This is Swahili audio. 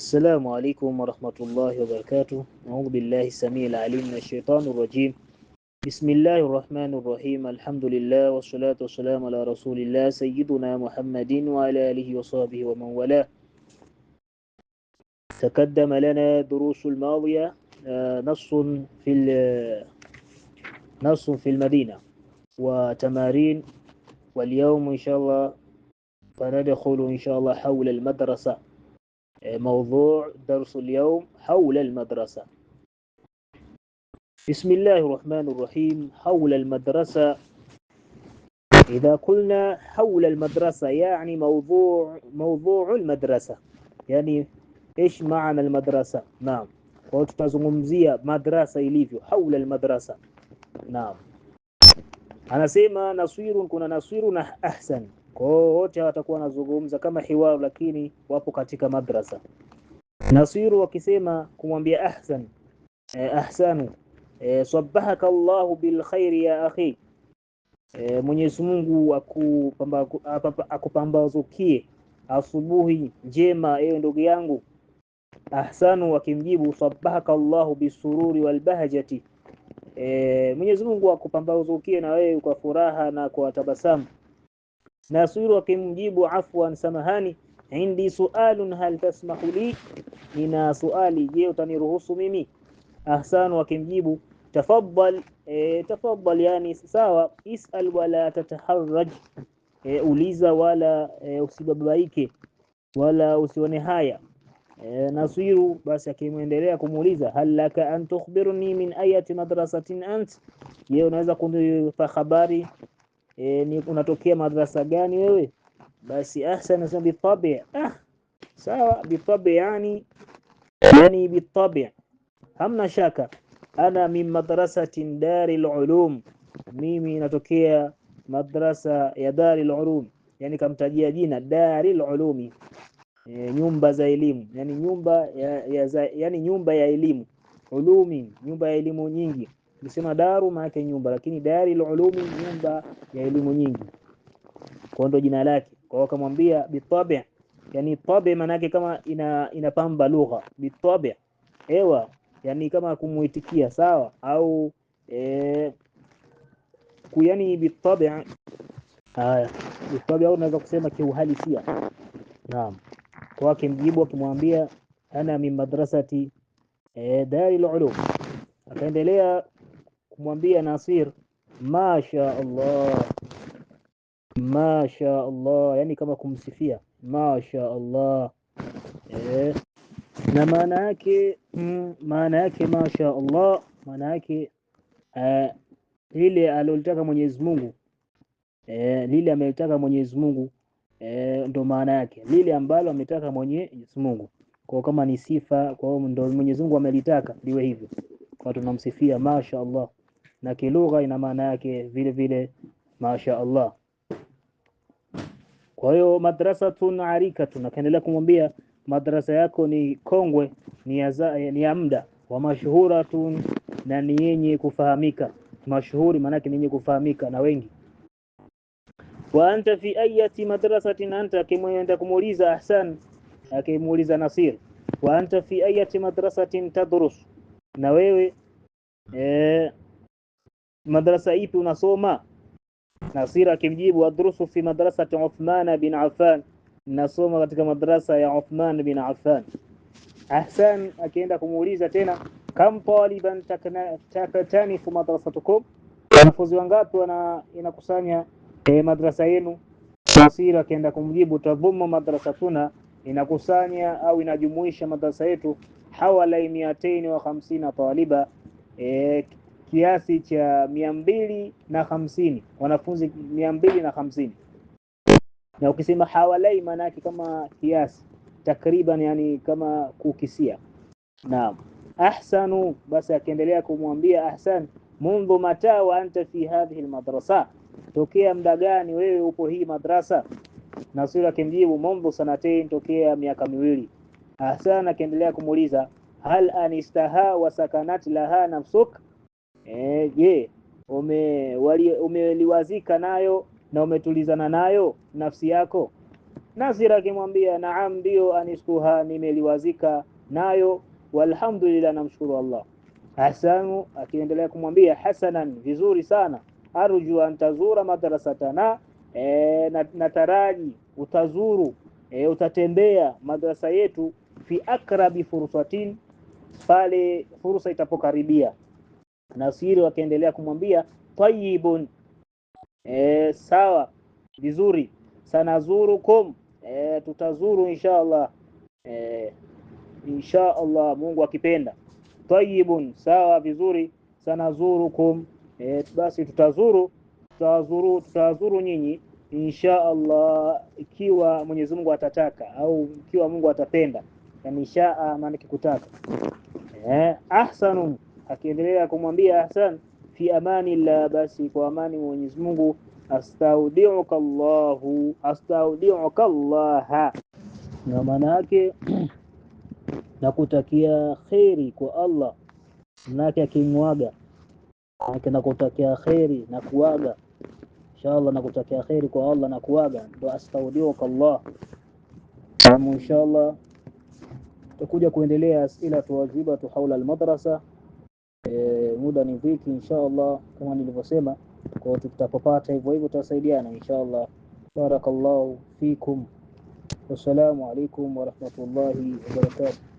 السلام عليكم ورحمة الله وبركاته أعوذ بالله السميع العليم من الشيطان الرجيم بسم الله الرحمن الرحيم الحمد لله والصلاة والسلام على رسول الله سيدنا محمد وعلى آله وصحبه ومن والاه تقدم لنا دروس الماضية آه، نص في نص في المدينة وتمارين واليوم إن شاء الله فندخل إن شاء الله حول المدرسة موضوع درس اليوم حول المدرسة بسم الله الرحمن الرحيم حول المدرسة إذا قلنا حول المدرسة يعني موضوع موضوع المدرسة يعني إيش معنى المدرسة نعم مدرسة madrasa حول المدرسة نعم أنا سيما نصير كنا نصير أحسن Kwa hiyo wote watakuwa wanazungumza kama hiwaru, lakini wapo katika madrasa. Nasiru wakisema kumwambia Ahsan eh, Ahsanu eh, sabahaka Allahu bil khairi ya akhi eh, Mwenyezi Mungu akupambazukie asubuhi njema, ewe ndugu yangu. Ahsanu wakimjibu sabahaka Allahu bisururi walbahjati, eh, Mwenyezi Mungu akupambazukie na wewe kwa furaha na kwa tabasamu Nasiru akimjibu afwan, samahani, indi sualun hal tasmahu li, nina suali, je utaniruhusu mimi? ahsan akimjibu tafaddal, e, tafaddal, yani sawa, isal wala tataharraj, e, uliza wala e, usibabaike wala usione haya. E, Nasiru basi akimwendelea kumuuliza hal laka an tukhbirni min ayati madrasatin ant, je unaweza kunipa habari e, ni unatokea madrasa gani wewe? Basi ahsan nasema bitabi. Ah, sawa bitabi, yani yani bitabi, hamna shaka. Ana min madrasati daril ulum, mimi natokea madrasa ya daril ulum, yani kamtajia jina daril ulumi E, nyumba za elimu yani nyumba ya, ya za, yani nyumba ya elimu ulumi, nyumba ya elimu nyingi. Nikisema daru maana nyumba, lakini dari ulumi nyumba ya elimu nyingi, kwa ndo jina lake. Kwa wakamwambia bitabi, yani tabi maana yake kama ina inapamba lugha bitabi, ewa yani kama kumuitikia sawa, au e, kuyani bitabi. Haya, bitabi au unaweza kusema kiuhalisia. Naam, kwa mjibu akimwambia ana mi madrasati e, dari ulumi akaendelea kumwambia Nasir masha Allah masha Allah, yani kama kumsifia masha Allah eh. Na maana yake mm, maana yake masha Allah maana yake eh, lile alilotaka Mwenyezi Mungu eh, lile amelitaka Mwenyezi Mungu eh, ndo maana yake lile ambalo ametaka Mwenyezi Mungu kwa kama ni sifa, kwa hiyo ndo Mwenyezi Mungu amelitaka liwe hivyo, kwa tunamsifia masha Allah na kilugha ina maana yake vile vile masha Allah. Kwa hiyo madrasatun arikatun, akaendelea kumwambia madrasa yako ni kongwe, ni ya, ni ya muda wa tun na ni yenye kufahamika. Mashuhuri maanake ni yenye kufahamika na wengi. Wa anta fi ayati madrasatin anta, akimwenda kumuuliza Ahsan, akimuuliza Nasir, wa anta fi ayati madrasatin tadrus, na wewe eh, madrasa ipi unasoma? Nasira akimjibu adrusu fi madrasati Uthman bin Affan, nasoma katika madrasa ya Uthman bin Affan. Ahsan akienda kumuuliza tena, kam taliban fi madrasatukum, wanafunzi wangapi wana inakusanya e, madrasa yenu? Nasira akienda kumjibu tadhumu madrasatuna, inakusanya au inajumuisha madrasa yetu hawala miataini wa taliba e, kiasi cha mia mbili na hamsini wanafunzi mia mbili na hamsini na ukisema hawalai maana yake kama kiasi takriban, yani kama kukisia. Naam, ahsanu. Basi akiendelea kumwambia ahsan, mundhu mata wa anta fi hadhihi almadrasa, tokea muda gani wewe upo hii madrasa? Nasir akimjibu mundhu sanatain, tokea miaka miwili. Ahsan akiendelea kumuuliza hal anistaha wa sakanat laha nafsuka Eh, je, ume umeliwazika nayo na umetulizana nayo nafsi yako? Nasir akimwambia naam, ndio aniskuha, nimeliwazika nayo walhamdulillah, namshukuru Allah. Hasanu akiendelea kumwambia hasanan, vizuri sana. Arju an tazura madrasatana, e, nataraji utazuru e, utatembea madrasa yetu fi akrabi fursatin, pale fursa itapokaribia. Nasiri wakaendelea kumwambia tayibun, e, sawa vizuri, sanazurukum, e, tutazuru insha Allah, e, insha Allah Mungu akipenda. Tayibun, sawa vizuri, sanazurukum, e, basi tutazuru tutazuru tutazuru nyinyi insha Allah, ikiwa Mwenyezi Mungu atataka au ikiwa Mungu atapenda, yani insha maana kikutaka, eh ahsanu akiendelea kumwambia Hassan fi amani la basi kwa amani Mwenyezi Mungu astaudiuka Allahu astaudiuka Allah na maana yake nakutakia khairi kheri kwa Allah manake akimwaga manake nakutakia kheri na kuaga inshallah nakutakia kheri kwa Allah na kuaga ndo astaudiuka Allah inshallah tutakuja kuendelea asila tu haula almadrasa muda ni dhiki inshallah, kama nilivyosema. Kwa tutakopata hivyo hivyo tutasaidiana inshallah. Barakallahu fikum, wassalamu alaikum warahmatullahi wabarakatuh.